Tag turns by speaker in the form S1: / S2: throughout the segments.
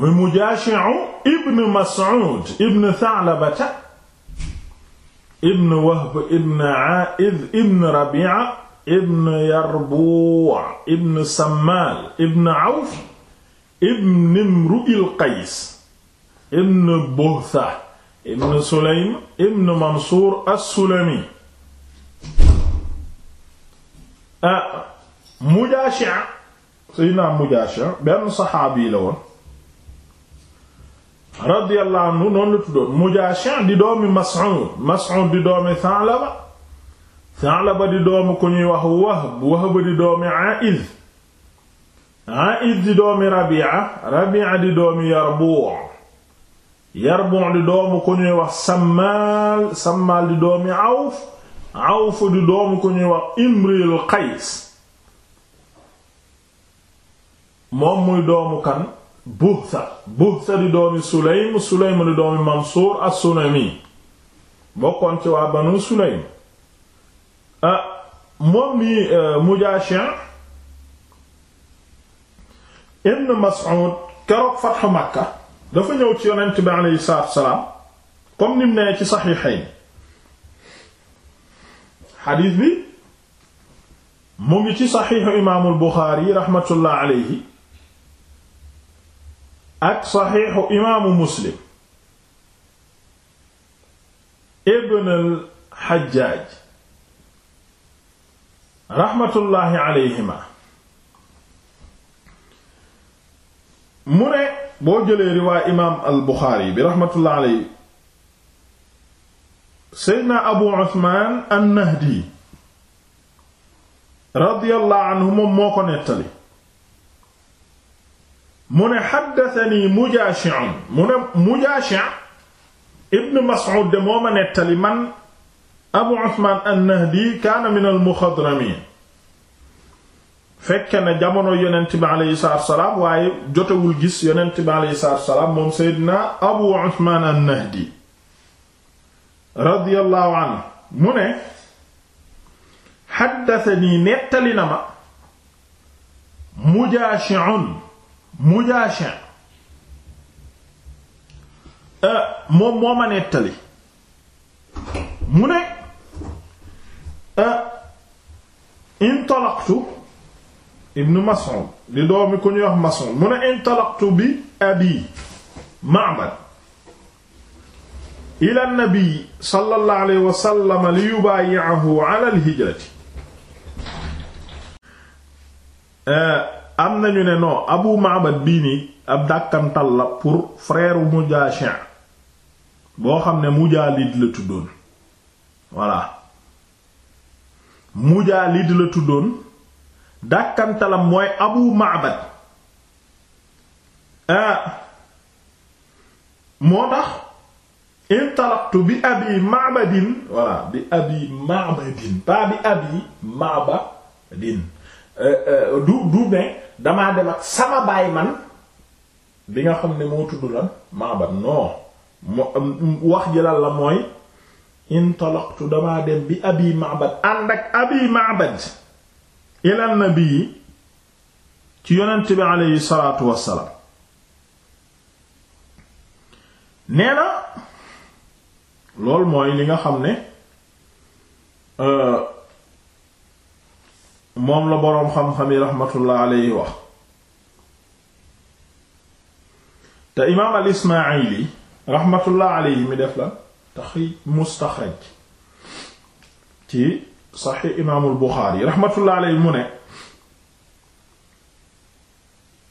S1: muy mujaashi'u ibn mas'ud ibn tha'labata ibn wahb ibn a'id ibn rabi'a ibn yarbu' ibn sammal ibn awf ibn imru'il qays ibn buhtha ibn sulaym ibn mansuur as-sulami ah mujaashi' sayyidina mujaashi' benn saxaabi la woon radiyallahu anhu noonu tuddoon Mujaashi' di doomi Mas'ud Mas'ud di doomi Sa'laba Sa'laba di doomi ku ñuy wax Wahb Wahb di doomi A'iz A'iz di doomi Rabi'a Rabi'a di doomi Yarbu' Yarbu' di doomi ku ñuy wax Sammaal Sammaal di doomi Awf Awf di doomi ku ñuy wax Imril Qays moom muy doomu kan Buhsa Buhsa di doomi Sulaym Sulaym di doomi Mansuur as-Sulami bokkoon ci waa Banu Sulaym ah moom ni eh, Mujaashi ibn Mas'ud keroog Fathu Makka dafa ñëw ci yonent bi aleyhi salaatu salaam comme nim nee ci Saxiixayn xadiis bi mu ngi ci Saxiixu imaamul Buxaari raxmatullah aleyhi ak saxiixu imaamu muslim ibn al xajjaaj raxmatullaahi alayhima mu ne boo jëlee riwaay imaam al buxaari bi raxmatullaahi alayhi seydna abu usmaan an nahdi radiyallaahu anhu moom moo ko nettali mu ne xaddatani mujaashi'un mu ne mujaashi' ibn mas'ud de moo ma nettali man abu usmaan an-nahdi kaana min al-muxadramiin fekke na jamono yonent bi aleyhi salaatu wasalaam waaye jotewul gis yonent bi aleyhi salaatu wasalaam moom seydina abu usmaan an-nahdi radiyallahu anhu mu ne xaddatani nettali na ma mujaashi'un Mujaashin euh, moom moo ma nettali mu ne euh, intalaqtu ibnu Mas'ud di doomi ku ñuy wax Mas'ud mu ne intalaqtu bi abi Ma'bad ila nabi sallallahu alayhi wa sallam li yubaayi'ahu ala al-hijrati euh, am nañu ne non abu maabad bii nii ab dàkkantal la pour frère Mujashi' boo xam ne Mujaalid la tuddoon voilà Mujaalid la tuddoon dàkkantalam mooy abu maabad ah moo tax intalaqtu bi abi maabadin voilà bi abi maabadin pas bi abi maabadin euh, euh, du du damaa dem ak sama baay man bi nga xam ne moo tudd lan Ma'bad non mo wax ji la mooy intalaqtu damaa dem bi abi Ma'bad ànd ak abi Ma'bad ila nabi ci yonent bi aleyhi salaatu wassalaam nee na loolu mooy li nga xam ne euh, moom la boroom xam-xam yi raxmatullah alayhi wax te imaam al ismaayili raxmatullah alayhi mi def la taxrij mustaxraj ci saxiix imaamul buxaari raxmatullah alayhi mu ne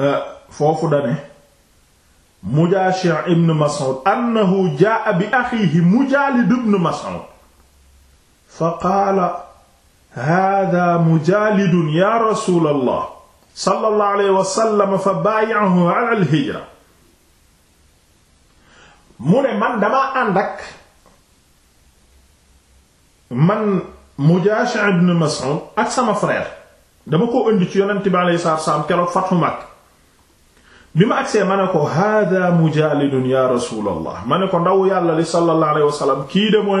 S1: euh, foofu dane mujaashi ibn mas'ud annahu jaa bi axiihi mujaalid ibn mas'ud fa qaala hada mujaalidun ya rasul allah sallallahu alayhi wa sallam fa baayahu ala alhijra mu ne man damaa ànd ak man Mujaashi ibn Mas'ud ak sama frère dama ko indi ci yonent bi alayhi salaatu salaam keroog Fathu Makka bi ma agsee ma ne ko hada mujaalidun ya rasul allah ma ne ko ndaw yàlla li sallallahu alayhi wa kii de mooy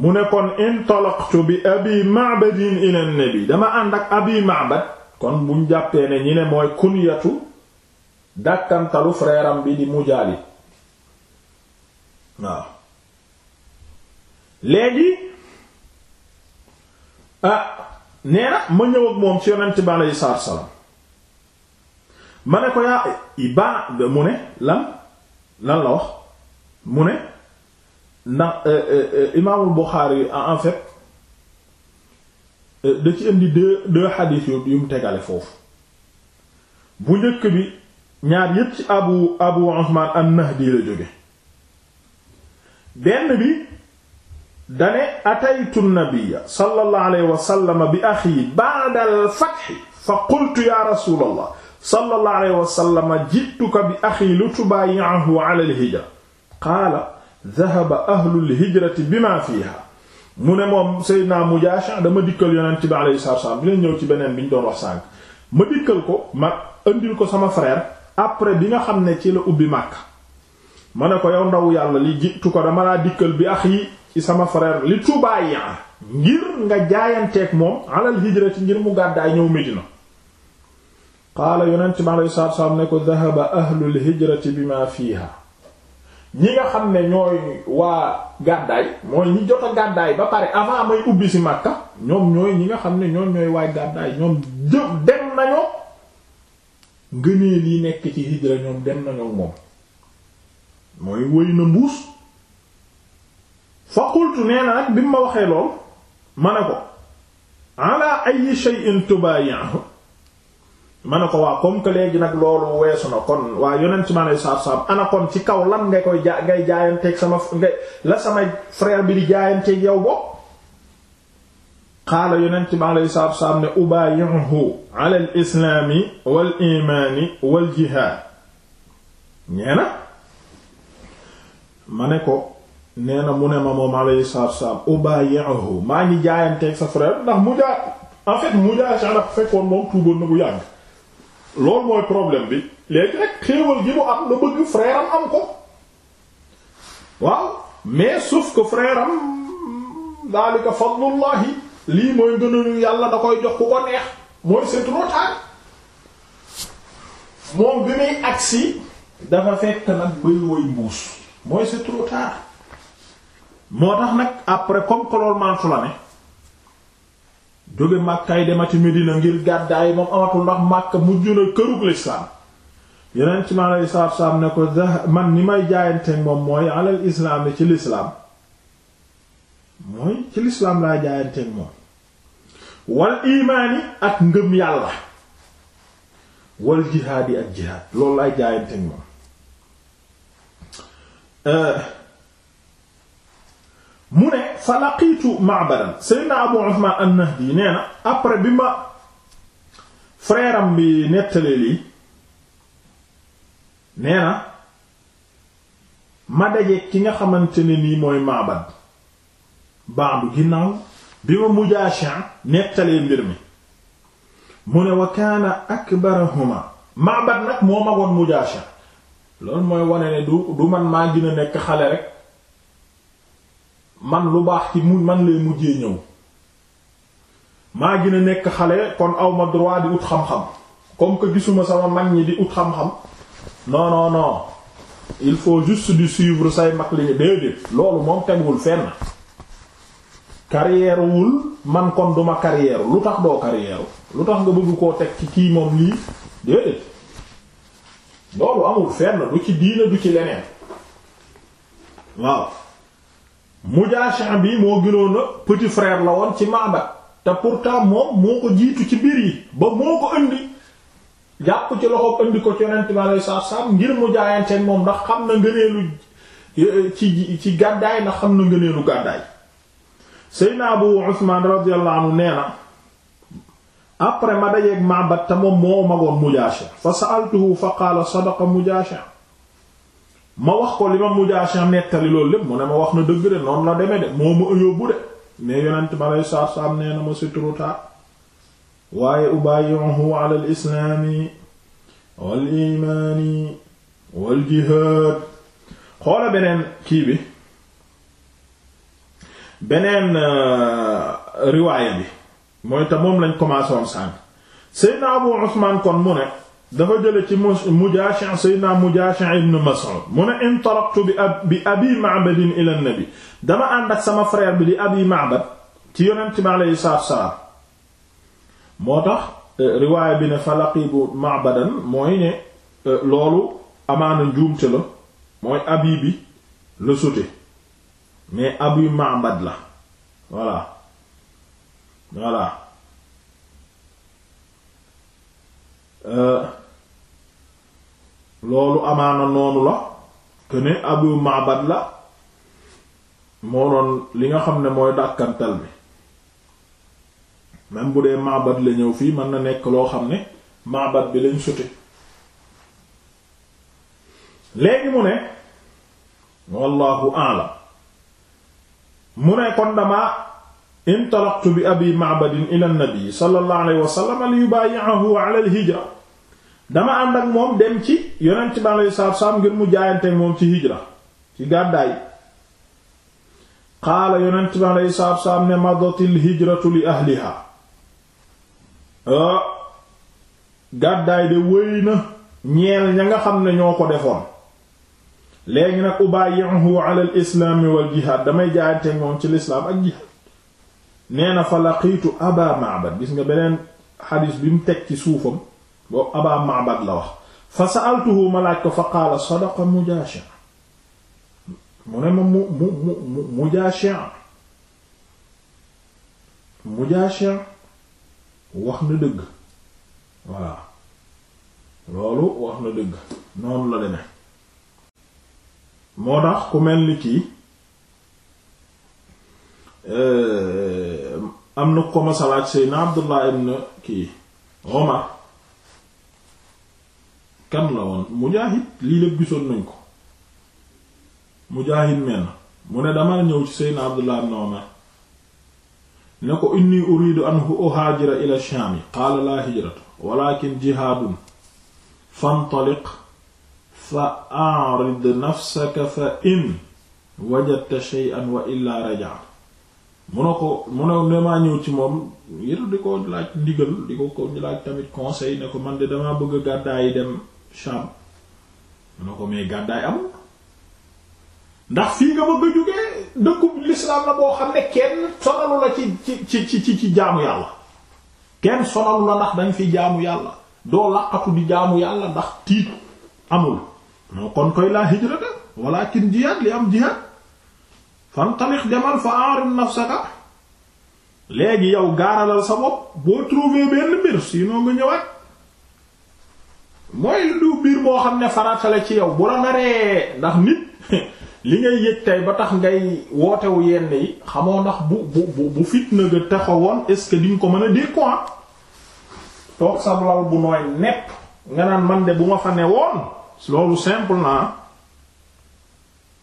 S1: mu ne kon intalaqtu bi abi ma'badin ila nabi dama ànd ak abi ma'bad kon buñ jàppee ne ñi ne mooy kunyatu dàkkantalu frère bi di mujaali waaw léegi ah nee na ma ñëw moom ci yonent bi aleyhi salaatu salaam ma ne ko yaa mu ne lan lan la wax mu ne ndax euh, euh, euh, imaamul Buxaari en fait ci indi deux deux xadiis yu mu tegale foofu bu njëkk bi ñaar yépp ci abu abu Usmaan an-Nahdi la jóge benn bi dane ataytu nabiyya sallallahu alayhi wa bi axi ba'da al fa qultu ya rasulallah sallallahu alayhi wa sallam bi axi li tubaayi'ahu ala al-hijra qaala dhahaba ahlul hijrati bima fiha mu ne moom Seydina Mujaasha dama dikkal yonent bi alayhi salaatu wasallam dinañ ñëw ci beneen bi ñu doon wax sànk ma dikkal ko ma indil ko sama frère après bi nga xam ne ci la ubbi Makka ma ne ko yow ndaw yàlla li jiitu ko dama laa dikkal bi ax yi ci sama frère li tubaay yaa ngir nga jaayanteeg moom alal hijrati ngir mu gàddaay ñëw Medina qaala yonent bi alayhi salaatu wasallam ne ko dhahaba ahlul hijrati bima fiha ñi nga xam ne ñooy waa gàddaay mooy ñi jot a gàddaay ba pare avant may ubbi ci Makka ñoom ñooy ñi nga xam ne ñoom ñooy waay gàddaay ñoom jë dem nañoo ngëneel yi nekk ci hijra ñoom dem nañoo moom mooy wëy na mbuus fa qultu nee na nag bi mu ma waxee lool ma ne ko ala ayi shay'in tubayi'u ma ne ko waa comme que léegi nag loolu weesu na kon waa ci ma ne saab saab ana kon ci kaw lan nga koy ja ngay sama nga la sama frère bi di jaayanteeg yow bopp xaala yonent ma ne saab saab ne ubayihu ala al islaami wal imaani wal jihaad ñee ma ne ko nee na mu ne ma moom alayhi salaatu wassalaam ubayihu maa ngi jaayanteeg sa frère ndax mu jaa en fait mu jaa sax fekkoon moom tuuboon na yàgg loolu mooy problème bi léegi rek xéewal gi am la bëgg frère am am ko waaw mais suuf que frère am daalika fadlullahi lii mooy gënañu yàlla da koy jox ku ko neex moom bi muy agsi dafa fekk nag bay woy mbuus mooy c'est trop moo tax nag après comme que loolu mantu la ne jóge màkkaay demati Medina ngir gàddaay moom amatul ndax màkka mujj na kërug lislaam yeneen ci ma lay saab saab ne ko man ni may jaayanteeg moom mooy alal islaam ci lislaam mooy ci lislaam ngëm yàlla wal jihaad yi laay jaayanteeg moom euh, mu ne fa laqiitu Ma'badan Seydina Abu Uthman an-Nahdi nee na après bi ma frère am bi nettalee lii nee na ma daje ki nga xamante ni nii mooy Ma'bad baadu ginnaaw bi ma mujaasha nettalee mbir mi mu ne wa kaana akbarahuma Ma'bad nag moo magoon mujaasha loolu mooy wane ne du du man maa gën a nekk xale rek man lu baax ci mu man lay mujjee ñëw maa gën a nekk xale kon awma droit di ut xam-xam comme que gisuma sama mag ñi di ut xam-xam non il faut juste di suivre say mag li ñu déedéet loolu moom teguwul fenn carrière wul man kon duma carrière lu tax doo carrière lu tax nga bëgg koo teg ci kii moom lii déedéet loolu amul fenn du ci diina du ci leneen waaw Mujaasha bi moo gënoon petit frère la woon ci Ma'bad te pourtant moom moo ko jiitu ci mbir yi ba moo ko indi jàpp ci loxo indi ko ci Yonent bi salaam ngir mu jaayanteeg moom ndax xam na ngëneelu eh, ci ci gàddaay ndax xam na ngëneelu gàddaay. Seydina Abu Usmaan radiyallahu anhu nee après ma dajeeg Ma'bad te moom moo magoon Mujaasha fa sa'altuhu fa qaala sadaqa Mujaasha ma wax ko li ma Mujaasha nettali loolu lépp mu ne ma wax na dëgg de noonu la deme de moo ma yóbbu de mais yonent ma lay saar saam nee na ma c'est waaye ubayyuhu ala al islaami wal imaani xoola beneen kii bi beneen euh, riwaaya bi mooy te moom lañ commencé woon sànq Seydina Abu Usmaan kon mu ne dafa jële ci Mujaashi sayyidina Mujaashi ibn Mas'ud mu ne intalaqtu bi abi Ma'bad ila an dama ànd sama frère bi di abi Ma'bad ci yonent bi alayhi salaatu salaam moo tax euh, riwaaya bi ne falaqibu Ma'badan mooy ne euh, loolu amaana njuumte la mooy abi bi la sute mais abi Ma'bad la voilà voilà euh, loolu amaana noonu la que ne Abu Ma'bad la moo doon li nga xam ne mooy dàkkantal bi même bu dee Ma'bad la ñëw fii mën na nekk loo xam ne Ma'bad bi lañ sute léegi mu ne wallahu a'lam mu ne kon dama intalaqtu bi abi Ma'bad ila nabi sallallahu alayhi wa sallam li yubayi'ahu ala al-hijra dama ànd ak moom dem ci yonent bi aleyhi salaatu salaam ngir mu jaayante moom ci hijra ci gàddaay xaala yonent bi yu salaatu salaam ne madatil hijratu li ahliha ah gàddaay de wéy na ñeel ña nga xam ne ñoo ko defoon léegi nag ubayihu ala al islaami wal jihaad damay jaayante moom ci lislaam ak jihaad nee na fa laqiitu aba ma'bad gis nga beneen xadiis bi mu teg ci suufam boobu Aba Ma'bad la wax fa sa'altuhu ma laaj ko fa qaala sadaqa Mujashi' mu ne ma mu mu mu Mujashi' Mujashi' wax na dëgg voilà loolu wax na dëgg noonu la demee moo tax ku mel ni kii euh, am na ko ma salaat Seydina Abdullah ibn kii Omar kan la woon Mujaahid lii lépp gisoon nañ ko Mujaahid mel mu ne dama ñëw ci Seydina Abdullah ibn Umar ne ko inni uridu an uhaajira ila Shaami qaala laa hijrata walakin jihaadun fantaliq fa a'rid nafsaka fa in wajadta shay'an wa illaa raja' mu ne ko mu ne damaa ñëw ci moom ngir di ko laaj ndigal di ko ko laaj tamit conseil ne ko man de damaa bëgg a dem Sham mu ko mais gàddaay amul ndax fii nga bëgg a jógee dëkkub l'islam la boo xam ne kenn sonalu la ci ci ci ci jaamu yàlla kenn sonalu la ndax dañ fi jaamu yàlla doo laqatu di jaamu yàlla ndax tiit amul moo kon koy laa hijrata walakin jihaad li am jihaad fantaliq demal fa aarim nafsaka léegi yow gaaralal sa bopp boo trouver benn mbir sinon nga ñëwaat mooy du mbir moo xam ne farata ci yow bu la naree ndax nit li ngay yëg tey ba tax ngay wootewu yenn yi xamoo ndax bu bu bu fitna ga taxawoon est-ce que diñ ko mën a dégg quoi toog sa lal bu nooy nepp nga naan man de bu ma fa ne woon loolu simple na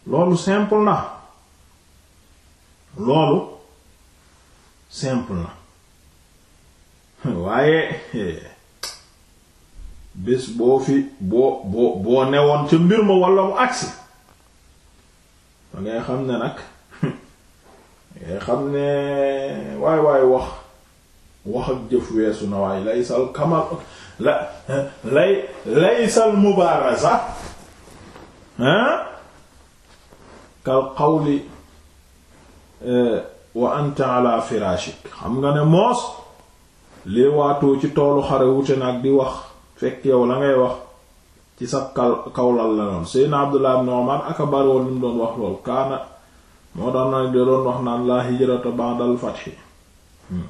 S1: loolu simple na waaye bés boo fi boo boo boo newoon ca mbir ma walla mu agsi da xam ne nag ngay xam ne waay waay wax wax ak jëf weesu na waay laysal kamal la lay laysal mubaaraza hein ah? kal qawli eh, wa anta ala firaashik xam nga ne moos lee waatoo ci toolu xare wute nag di wax fekk yow la ngay wax ci sa kaw kawlal la noonu Seydina Abdullah ibn Umar aka bari woon doon wax lool kaana moo tax na da doon wax naan laa hijrata ba'dal fathi hmm.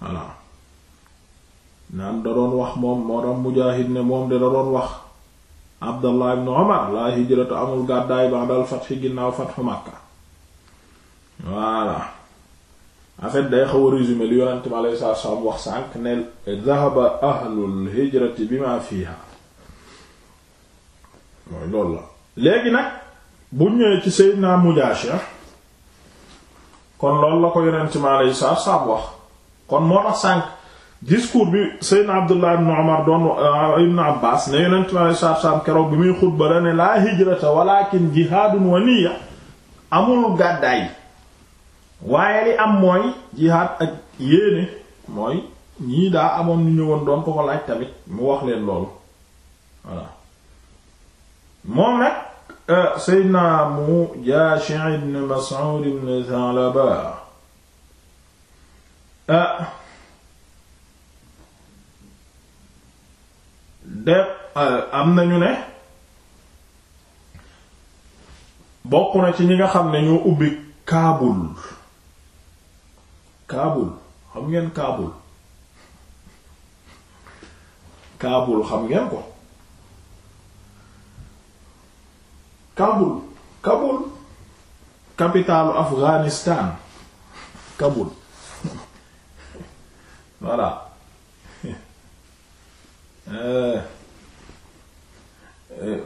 S1: voilà naan wax moo tax wax Abdullah ibn Umar laa hijrata amul gàddaay ba'dal fathi ginnaaw fathu Makka voilà en day xaw a lu yonent mi alayhi salaatu salaam wax sànq ne zahaba ahlul hijrati bima fiha mooy loolu la léegi nag bu ñëwee ci Seydina Mujaashir kon loolu la ko yonent mi alayhi salaatu salaam wax kon moo tax sànq discours bi Seydina Abdullah ibn Umar ah, ne yonent mi alayhi salaatu salaam keroog bi muy xutba la ne laa hijrata walakin jihaadun wa amul gàddaay waaye li am mooy jihaad ak yéene mooy ñii daa amoon ñu ñëwoon doon ko ko laaj tamit mu wax leen loolu voilà moom nag euh, Seydina mu Jaashi ibn Mas'ud ibn Thalaba euh, de euh, am nañu ne bokk na ci ñi nga xam ne ñoo ubbi Kaabul kaabul xam ngeen kaabul kaabul xam ngeen ko kabul kabul capitalu Afghanistan kabul voilà bu euh, euh,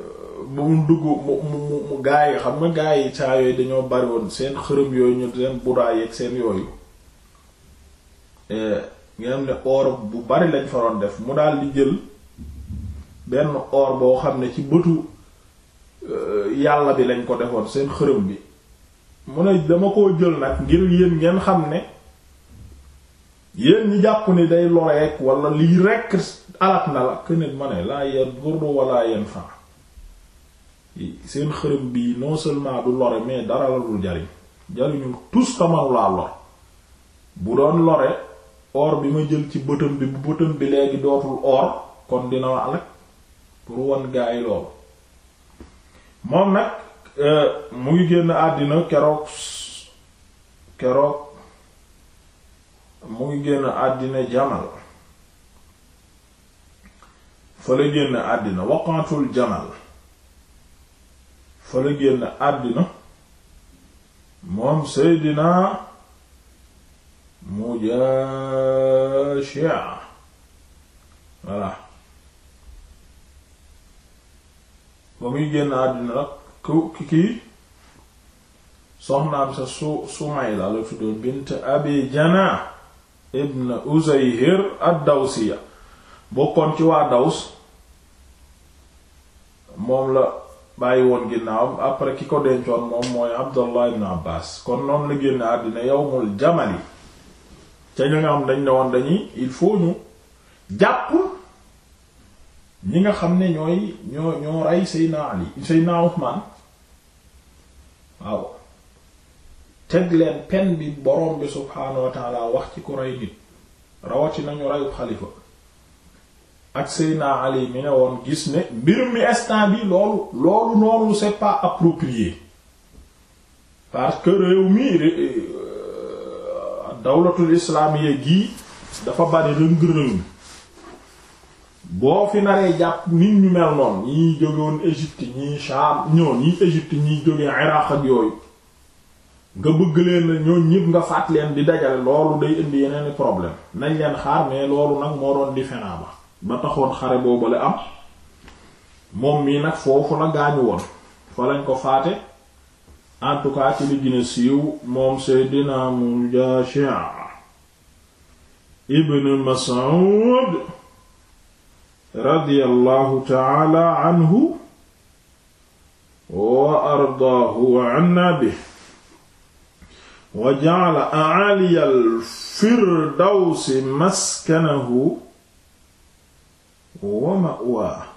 S1: mu dugg mu mu mu gaa yi xam nga gaa yi saa yooyu dañoo bari woon seen xërëm yooyu ñu seen buraay ak seen yooyu Eh, nga xam ne or bu bari lañ faroon def mu daal di jël benn or boo xam ne ci bëtu eh, yàlla bi lañ ko defoon seen xërëm bi mu ne dama koo jël nag ngir yéen ngeen xam ne yéen ñi jàpp ni day loreek wala lii rekk alak na la kënit ma ne laa yen gurdu wala yen fan seen xërëm bi non seulement du lore mais dara la dul jariñ jariñu tus tamal laa lor bu doon lore or bi ma jël ci bëtam bi bu bëtam bi léegi dootul or kon dina ma alak pour wan gaa loolu moom nag euh, mu ngi génn àddina keroog keroog mu ngi génn àddina jamal fa la génn àddina waqatul jamal fa la génn àddina moom seydinaa mujaashi'a voilà ba muy génn àddina nag ku kii soxnaam sa su Sumayla la tuddoon bint Abi Janah ibn Uzayhir ad bokkoon ci waa Daws moom la bàyyi woon ginnaawam après ki ko dencoon moom mooy Abdallah ibn Abbas kon noonu la génn àddina yawmul jamali ca ñu nga xam dañ ne woon dañuy il faut ñu jàpp ñi nga xam ne ñooy ñoo ñoo rey Seydina Ali Seydina Usmaan waaw teg leen pen bi borom bi subhaanahu wa wax ci ku rey nit rawati nañu reyu xalifa ak Seydina Ali mi ne woon gis ne mbir mi instant bi loolu loolu noonu c'est pas approprié parce que réew mi dawlatul islaamiyya gii dafa bari rëng-rëng boo fi naree jàpp nit ñu mel noonu ñii jóge woon Égypte ñii Sham ñoo ñii Égypte ñii jóge Iraq ak yooyu nga bëgg leen ñoo ñëpp nga faat leen di dajale loolu day indi yeneen problème nañ leen xaar mais loolu nag moo doon di fenaa ba ba taxoon xare boobale am moom mii nag foofu na gaañu woon fa lañ ko faate en tout cas ci li gën a siiw moom seydina Mujaashi ibn Mas'ud radiyallahu ta'ala anhu wa ardaahu wa anna bihi wa ja'ala a'aaliya al-firdawsi maskanahu wa ma'waahu